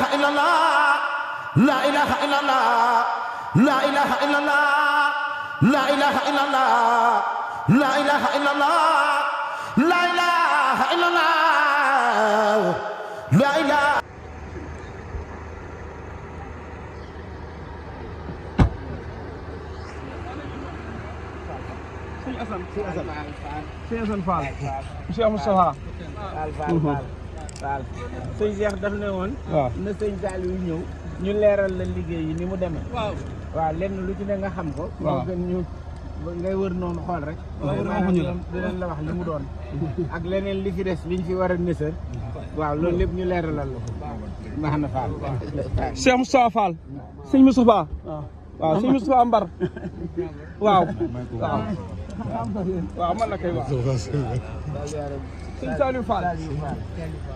إله إلا الله لا إله إلا الله لا إله إلا الله لا إله إلا الله لا إله إلا الله لا إله إلا الله لا إله شيء أسن شيء أسن فعل شيء فعل شيء أسن فعل فعل فعل waaw sëñ Cheikh daf ne woon. waaw na sëñ ñu leeral la liggéey yi ni mu demee. waaw waaw lenn lu ci nga xam ko. waaw gën ñu ngay xool rek. waaw maanaam dinañ la wax li mu doon. ak leneen li ci des ci war a nësër. waaw loolu lépp ñu leeralal la ko. baax na Fall. Cheikh Moustapha waaw sëñ Moustapha waaw waaw. waaw wax. sëñ Saliou Fall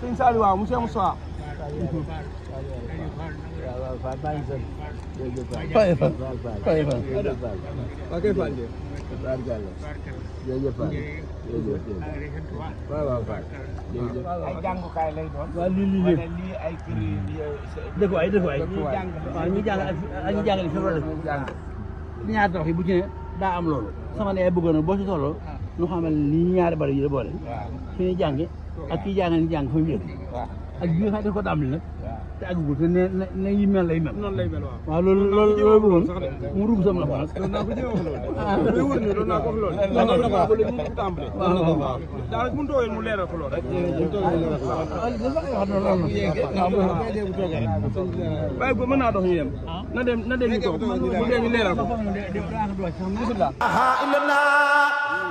sëñ Saliou waaw monsieur Moussa Faye Fall Faye Fall waa kay Fall jërëjëf Fall waaw waaw Fall ay jàngukaay lay doon waaw lii lii lépp ay kër dëkkuwaay dëkkuwaay waaw ñu jàng ak ñu jàngale fi loolu ñaar tax yi bu ci ne daa am loolu sama ne bëggoon boo ci tolloo ñu xamal li ñaari barab yi la boole. fi ñuy jànge ak kii jàngal ni jàng fa mu yëg. ak bi nga xam ne ko tàmbali nag. te àggagul te ne ne yi mel lay mel. noonu lay mel mu rugg ah. la France. doon naa ko naa ko yem. Ah. na dem na dem ñu dee ñu leeral ko.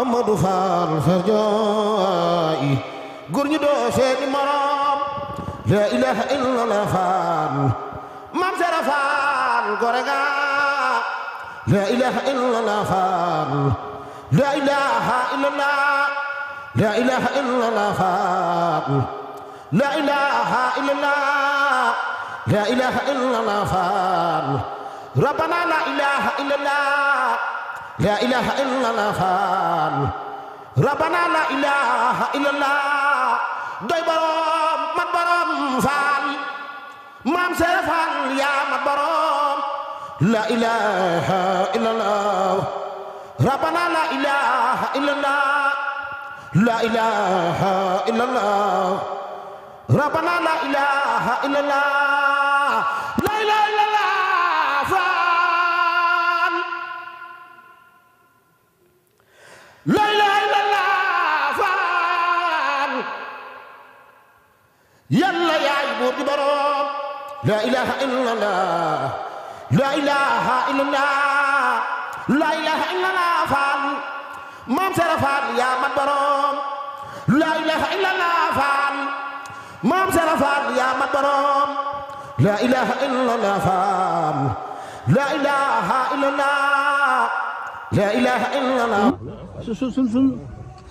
Amadou Fall Fardiaye góor ñu doo seeni morom la ilaha illallah Fall Maam Sera Fall gore nga la ilaha illallah Fall la ilaha illallah la ilaha illallah Fall la ilaha illallah la ilaha illallah Fall rabbana la ilaha illallah لا إله إلا الله ربنا لا إله إلا الله دوي بروم مد بروم فال مام سيفال يا مد بروم لا إله إلا الله ربنا لا إله إلا الله لا إله إلا الله ربنا لا إله إلا الله لا إله إلا الله لا إله إلا الله لا إله إلا الله فال مام سيرا فال يا مات لا إله إلا الله فال مام سيرا فال يا مات لا إله إلا الله فال لا إله إلا الله لا إله إلا الله سو سو سو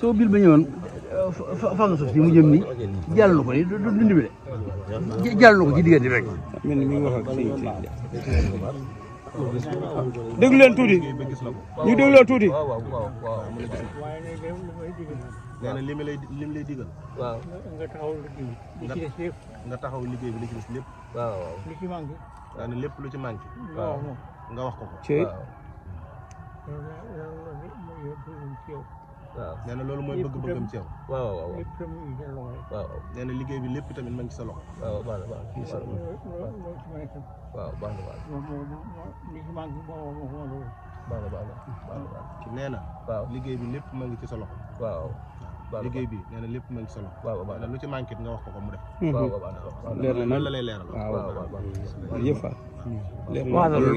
سو بيل بنيون fànn suuf si mu jëm nii jàll na ko nii du du ndimbale jàll na ko ci diggante bi rek. mel ni mi ngi wax ak déglu leen tuuti ñu déglu leen tuuti. nee na li mu lay li mu lay digal. nga taxaw liggéey bi li ci lépp. nga taxaw liggéey bi li ci lépp. waaw waaw li lépp lu ci manqué. waaw nga wax ko ko. waaw nee loolu mooy bëgg ci yow. waaw waaw waaw. liggéey bi lépp tamit ma ngi sa loxo. waaw baax na baax na incha allah. waaw baax na baax na. baax na nee na. waaw liggéey bi lépp ma ci sa loxo. waaw. liggéey bi nee na lépp ma ngi sa loxo. waaw baax na lu ci manqué nga wax ko ko mu def. waaw baax na waaw leer na la lay leeral. waaw waaw waaw.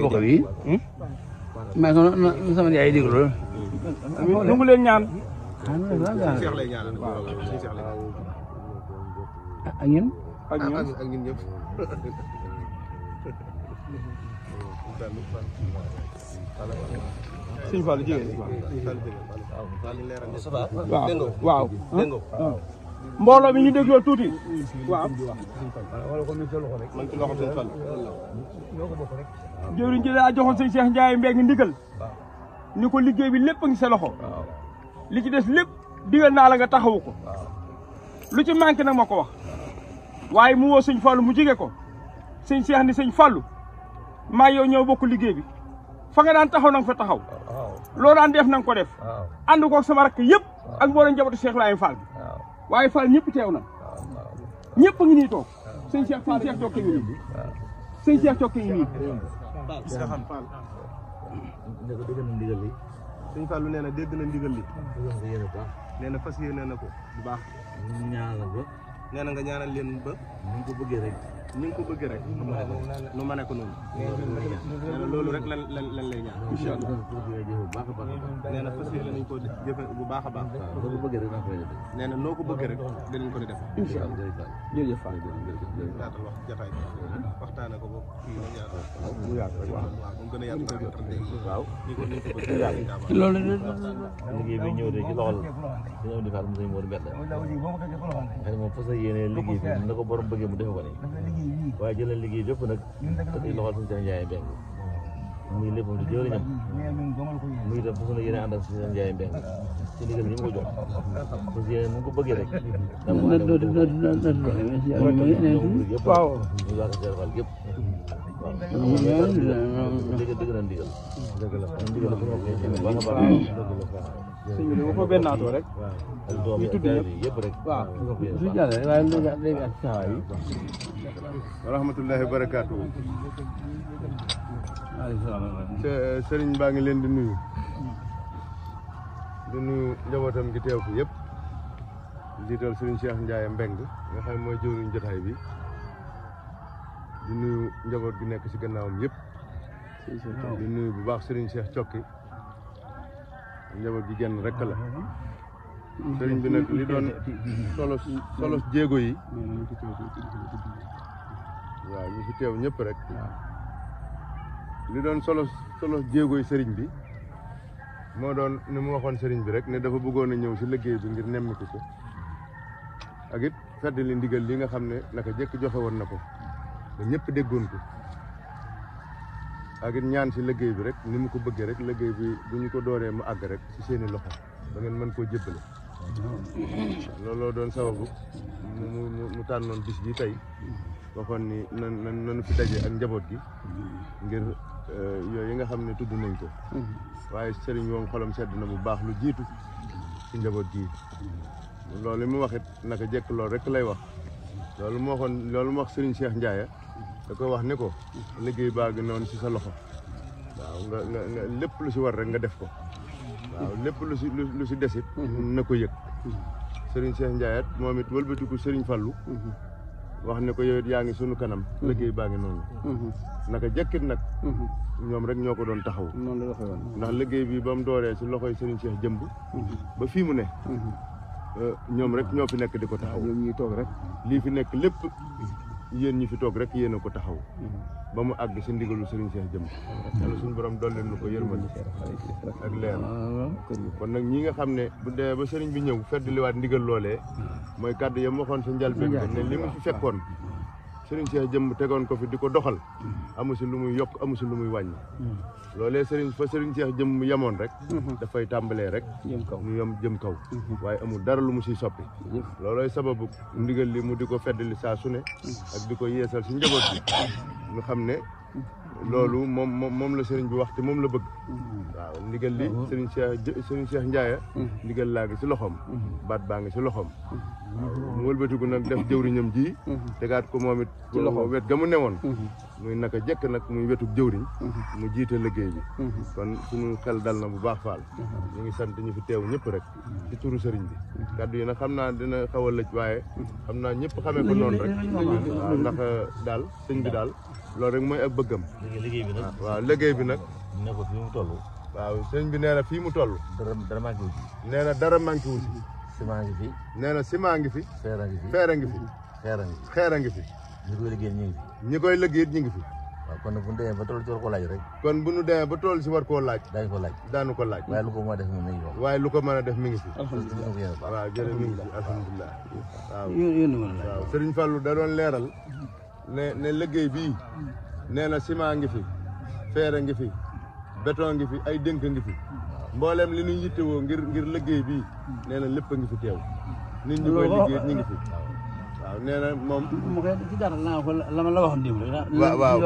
jërëjëf. mais sama yaay déglu loolu. nu ngi leen ñaan. ak ah, ah, ah, waaw. mbooloo mi ñu dégloo tuuti waaw. wala ko rek. man ci loxo sëñ Fall. joxoon sëñ Cheikh Ndiaye Mbengue ngi ndigal. ni ko liggéey bi lépp a ngi sa li ci des lépp digal naa la nga taxawu ko. lu ci manqué nag ma ko wax. waaye mu woo sëñ Fallou mu jige ko. sëñ Cheikh ni sëñ fallu maa yow ñëw bokk liggéey bi fa nga daan taxaw na fa taxaw. loolu daan def na ko def. ànd koog sama rakk yëpp ak mbooloo njabootu Cheikh Ibrahima Fall bi waaye Fall ñëpp teew na ñëpp a ngi nii toog sëñ Cheikh Fall Cheikh Tokki ngi nii sëñ Cheikh Tokki ngi nii gis nga xam Fall dégg na ndigal li sëñ na dégg na ndigal li nee na fas ko bu baax ñaanal ba nee na nga ñaanal leen ba ñu ko rek ni bëggee ko bëgg rek nu ma ne ko noonu nee na loolu rek lan lan lan lay ñaan incha allah nee na fas yéene nañ ko bu baax a baax nee na noo ko bëgg rek dinañ ko di def incha allah jërëjëf Fall yaatal wax jataay waxtaane ko boobu mu yaatu rek waaw mu gën a yaatu waaw loolu liggéey bi ñëw de ci loxol dañu am di faal mu sëñ Mor Mbette xëy na moom fas yéene liggéey bi na ko borom bëggee mu defe ko nii waa jëlal liggéey bépp nag ci loxol suñu seen njaay mbeng muy léppam di jëwriñam muy itam fas yéene ànd ak suñu seen njaay mbeng ci liggéey ñu mu ko jox fas yéene mu ko bëggee rek yëpp waaw ñu wax seen xol yëpp waaw dëgg dëgg na ndigal sëñ bi dama ko sëriñ baa ngi leen di nuyu. di nuyu njabootam gi teew fi yëpp. jiital sëriñ Cheikh Ndiaye Mbeng nga xam mooy jëwriñ jotaay bi. di nuyu njaboot gi nekk ci gannaawam yépp di nuyu bu baax sëriñ seex Cokki. njaboot ji genn rek la sëriñ bi nag li doon solo solo jéego yi waaw ñëpp rek doon solo jéego yi sëriñ bi moo doon ni mu waxoon sëriñ bi rek ne dafa bëggoon a ñëw si liggéey bi ngir nemmiku ko ak it fedd li ndigal li nga xam ne naka jëkk joxe woon na ko ba ñëpp déggoon ko ak ñaan ci liggéey bi rek ni mu ko bëggee rek liggéey bi bu ñu ko dooree mu ag rek ci seeni loxo da ngeen mën ko jëbël lolo doon sababu mu mu tanon bis bi tay waxon ni nan nan fi dajé ak njabot gi ngir euh, yoy yi nga xamné tuddu nañ ko waye sëriñ moom xolam sedd na bu baax lu jitu ci njabot gi loolu mu waxit naka jekk lool rek lay wax loolu mo xon loolu mo wax sëriñ Cheikh Ndiaye da koy wax ne ko liggéey baa ngi noonu si sa loxo lépp lu si war rek nga def ko lépp lu si lu si desit ko yëg Serigne Cheikh moom it wëlbatiku Serigne Fallou wax ko yow yaa ngi sunu kanam liggéey baa ngi noonu naka jëkkit nag ñoom rek ñoo ko doon taxaw ndax liggéey bi ba mu dooree si loxoy Serigne Cheikh jëmb ba fii mu ne mhm. euh, ñoom rek ñoo fi nekk di ko taxaw ñoom ñuy toog rek lii fi nekk lépp yéen ñi fi toog rek yéen a ko taxaw mm-hmm. ba mu àgg si ndigalu Serigne Cheikh jëm yàlla suñu borom dolli nu ko yërmal ak leer mm-hmm. kon nag ñi nga xam ne bu demee ba Serigne bi ñëw feddliwaat ndigal loolee mm-hmm. mooy kàddu yam waxoon sa njëlbeen ne li mu fi fekkoon Serigne Cheikh jëmm tegoon ko fi di ko doxal amu si lu muy yokk amu si lu muy wàññi mm-hmm. loolee Serigne fa Serigne Cheikh jëmm yemoon rek mm-hmm. dafay tàmbalee rek ñu yom jëm kaw mm-hmm. waaye amul dara lu mu siy soppi loolooy sababu ndigal li mu di ko li saa su ne ak di ko yeesal si njaboot bi ñu xam ne loolu moom moom la sëriñ bi wax te moom la bëgg. waaw ndigal li sëriñ Cheikh sëriñ Cheikh Ndiaye. ndigal laa ngi si loxoom. baat baa ngi si loxoom. mu wëlbatiku nag def jëwriñam ji. tegaat ko moom it ci loxo wet ga mu newoon. muy naka jëkk nag muy wetu jëwriñ. mu jiite liggéey bi. kon suñu xel dal na bu baax faal. mu ngi sant ñu fi teew ñëpp rek. ci turu sëriñ bi. kaddu yi nag xam naa dina xaw a lëj waaye. xam naa ñëpp xamee ko noonu rek. waaw ndax daal sëñ bi daal loolu rek mooy ak bëggam. liggéey bi nag. waaw liggéey bi nag. ne ko fii mu toll. waaw sëñ bi nee na fii mu toll. dara dara manqué wu nee na dara manqué wu ci. ciment ngi fi. neena na ciment ngi fi. feer a ngi fi feer a ngi fi. xeer a ngi fi xeer a ngi fi. ñi koy liggéey ñu ngi fi. ñi koy liggéey ñu ngi fi. waaw kon bu ñu demee ba tool si war koo laaj rek. kon bu ñu demee ba tool si war koo laaj. daañu ko laaj daanu ko laaj. waaye lu ko mën a def mi ngi fi. waaye lu ko mën a mi ngi fi. alhamdulilah waaw jërëjëf mi ngi fi alhamdulilah. waaw yéen yéen a a laaj. waaw Serigne leeral ne ne liggéey bii nee na ciment ngi fi fer ngi fi béton ngi fi ay dénk ngi fi mboolem li ñuy yittewoo ngir ngir liggéey bi nee lépp a ngi fi teew nit ñi koy liggéey ngi fi waaw nee na moom mu koy ci daatal naa a la ma la waxoon démb rek waaw waaw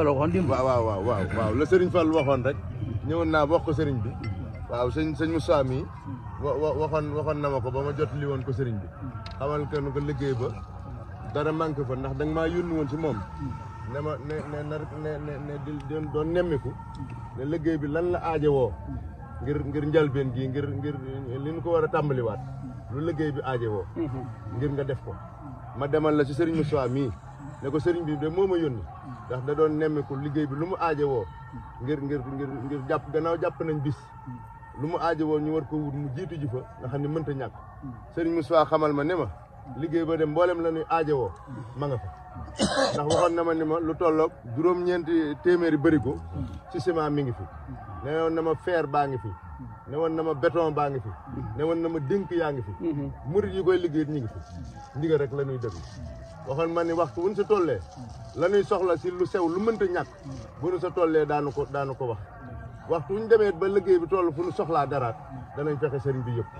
waaw waaw waaw la waxoon rek ñëwoon naa wax ko Serigne bi waaw sëñ sëñ Moussa mii wa waxoon na ma ko ba ma jot li woon ko sëriñ bi xamal que nu ko liggéey ba dara manqué fa ndax da nga maa yónni woon ci moom ne ma ne ne ne doon nemmiku ne liggéey bi lan la aajowoo ngir ngir njalbeen gi ngir ngir li ñu ko war a tàmbaliwaat lu liggéey bi aajowoo ngir nga def ko ma demal la ci sëriñ Moussa mii ne ko sëriñ bi de moo ma yónni ndax da doon nemmiku liggéey bi lu mu aajowoo ngir ngir ngir ngir jàpp gannaaw jàpp nañ bis lu mu aajowoo ñu war ko wut mu jiitu ji fa nga xam ne mënta ñàkk sëriñ Moussa xamal ma ne ma liggéey ba dem mboolem la nu aajowoo ma nga fa ndax waxoon na ma ni ma lu tolloog juróom-ñeenti téeméeri bëri ko ci ciment mi ngi fi ne woon na ma fer baa ngi fi ne woon na ma béton baa ngi fi ne woon na ma dénk yaa ngi fi mhm. mu yi koy liggéey ñi ngi fi ndigal rek la ñuy déglu waxoon ma ni waxtu wuñ sa tollee la ñuy soxla si lu sew lu mënta ñàkk bu nu sa daanu ko daanu ko wax waxtu wuñ demee ba liggéey bi toll fu nu soxlaa daraat danañ fexe sëriñ bi yëpp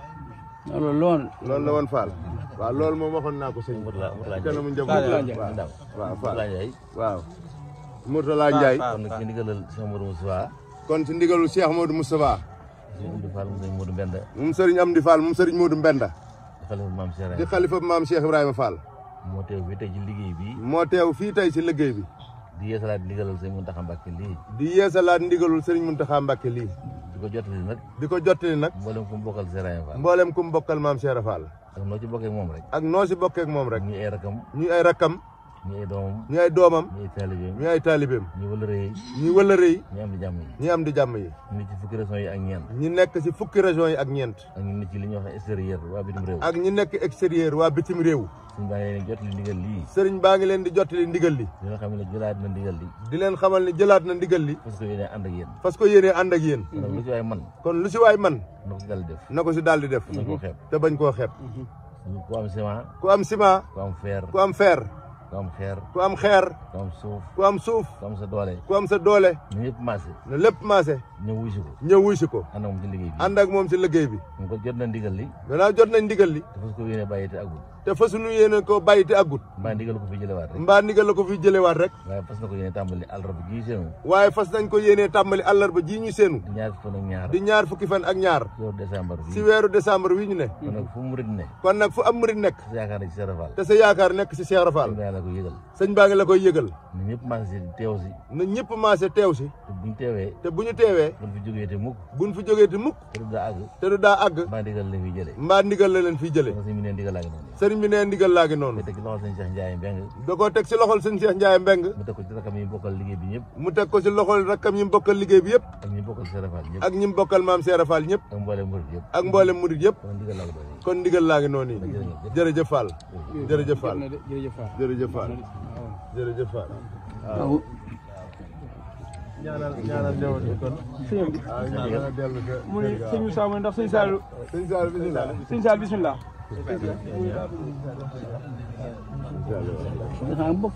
loolu loolu la woon Fall waaw loolu moom waxoon naa ko sëñ bi. kanamu njëkk waaw Mourtala Ndiaye. waaw Mourtala Ndiaye. kon nag ci ndigalul Cheikh Modou Moustapha. kon ci ndigalul Cheikh Modou Moustapha. Serigne Amdi Fall moom Serigne Modou Mbenda. moom Serigne Amdi Fall moom Serigne Modou Mbenda. di xalifa maam Cheikh Ibrahima Fall. moo teew fii tey ci liggéey bi. moo teew fii tey ci liggéey bi. di yeesalaat ndigalul Serigne Mountakha Mbacké lii. di yeesalaat ndigalul Serigne Mountakha Mbacké lii. di ko jottali nag. di ko jottali nag. mboolem ku mu bokkal Serigne Fall. mboolem ku mu bokkal maam Serigne ak noo ci moom rek. ak noo ci moom rek. ñuy ay rakam. ñuy ay rakam. ñi ay doomam ñi ay doomam ñi ay taalibeem ñi wëllëre yi ñi wëllëre yi ñi am di jàmm yi ñi am di jàmm yi ñi nekk ci fukki régions yi ak ñeent ñi nekk ci fukki régions yi ak ñeent ak ñi nekk ci li ñuy wax extérieur waa bitim réew ak ñi nekk extérieur waa bitim réew sëriñ baa ngi leen di jottali ndigal lii sëriñ baa ngi leen di jottali ndigal li di leen xamal ne jëlaat na ndigal li di leen xamal ne jëlaat na ndigal li fas ko yéenee ànd ak yéen fas ko yéenee ànd ak yéen kon lu ci waay man kon lu ci waay man na ko si daal di def na ko si daal di def te bañ koo xeeb ku am ciment ku am ciment ku am fer ku am fer ku am xeer ku am xeer. ku am suuf ku am suuf. ku am sa doole ku am sa doole. na lépp maase. na lépp maase. ñëw wuy si ko. ñëw wuy si ko. ànd moom ci liggéey bi ànd ak moom ci liggéey bi. kon ko jot na ndigal li. gannaaw jot na ndigal li. te fas ko yéene bàyyi ko bàyyi te agut. mbaa ndigal la ko fi jëlewaat rek. rek. waaye fas na ko yéene tàmbali àllarba ji ñu seenu. waaye fas nañ ko yéene tàmbali àllarba ji ñu seenu. di ñaar fukki fan ak ñaar. di ñaar fukki fan ak ñaar. si weeru décembre wi ñu ne. kon nag fu murid nekk. kon nag fu am koy yëgal. sëñ baa ngi la koy yëgal. na ñëpp maase teew si. na ñëpp maase teew te bu ñu teewee. te bu ñu teewee. buñ fi jógee jógee te mukk. te du daa àgg. te du daa àgg. mbaa ndigal la leen fiy mbaa ndigal la leen fiy jëlee. sëriñ bi nee ndigal laa noonu. sëriñ bi nee ndigal laa noonu. da si loxol si loxol sëñ mu teg ko ci rakkam yi mu bokkal liggéey bi ñëpp. mu teg ko si loxol rakkam yi mu bokkal liggéey bi yëpp. ak ñi mu bokkal Seera Faal ñëpp. mu bokkal maam kon ndigal laa ngi noonu jërëjëf Fall jërëjëf Fall jërëjëf Fall bi kon ñaanal dellu mu ne sëñ mu ne ndax sëñ Sall sëñ Sall bisimilah sëñ Sall bisimilah waaw bokk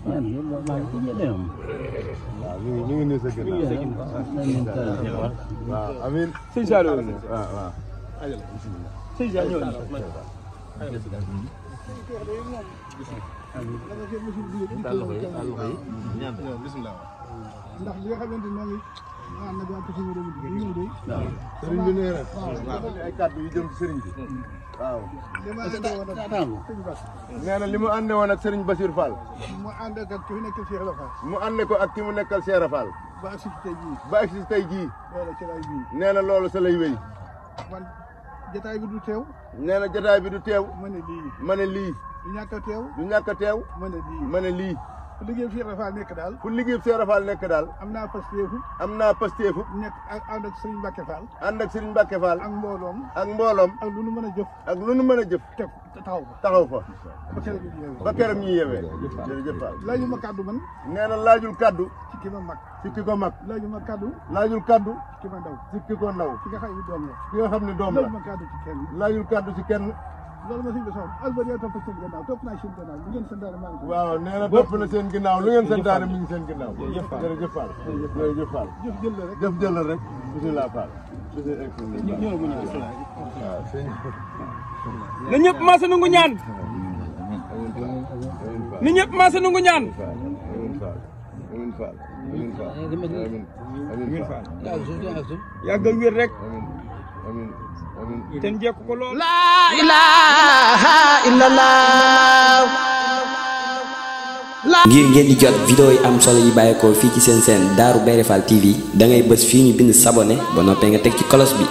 sëñ bi ñëw na ndax li nga xamante ne waaw nag waa Kër Sëñ bi ñëw de. waaw sëriñ bi nee na. ay kàddu yu jëm ci sëriñ bi. waaw. nee na li mu àndee woon ak sëriñ Bachir Fall. mu ànd ak ki mu nekkal Cheikh Fall. mu ànd ko ak ki mu nekkal Cheikh Fall. ba agsi tey jii. ba agsi tey nee na loolu sa lay jataay bi du teew. nee na jataay bi du teew. ma ne lii ma ne lii. du ñàkk a teew. du ñàkk a teew. ma ne lii ma ne lii. liggéey bi Cheikh Rafal nekk daal fu liggéey bi Cheikh Rafal nekk daal am naa pasteefu am naa pasteefu nekk ak ànd ak Serigne Mbacke Fall ànd ak Serigne Mbacke Fall ak mbooloom ak lu nu mën a jëf ak lu nu mën a jëf teg taxaw fa taxaw fa ba keram ñu yewee jërëjëf Fall laaju ma kaddu man nee na laajul kaddu ci ki ma mag ci ki ko mag laaju ma kaddu laajul kaddu ci ki ma ndaw ci ki ko ndaw ki nga xam ne doom la ki nga xam ne doom la laajul kaddu ci kenn loolu nga sëñ bi soxla Albert yow topp seen ginnaaw topp naa seen ginnaaw lu ngeen santaane maa ngi waaw na topp na seen ginnaaw lu la la rek bisimilah Fall na ñëpp maasa nangu ñaan na ñëpp maasa nangu ñaan amin Fall amin Fall amin rek ngir ngeen di jot vidéo yi am solo yi bàyyeekoo fii ci seen seen Darou Bairé Fall TV da bës fii ñu bind sabonné ba noppee nga teg ci kolos bi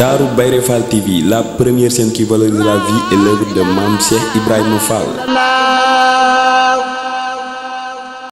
Darou Bairé Fall TV la première chaîne qui valorise la vie et l'œuvre de Mame Cheikh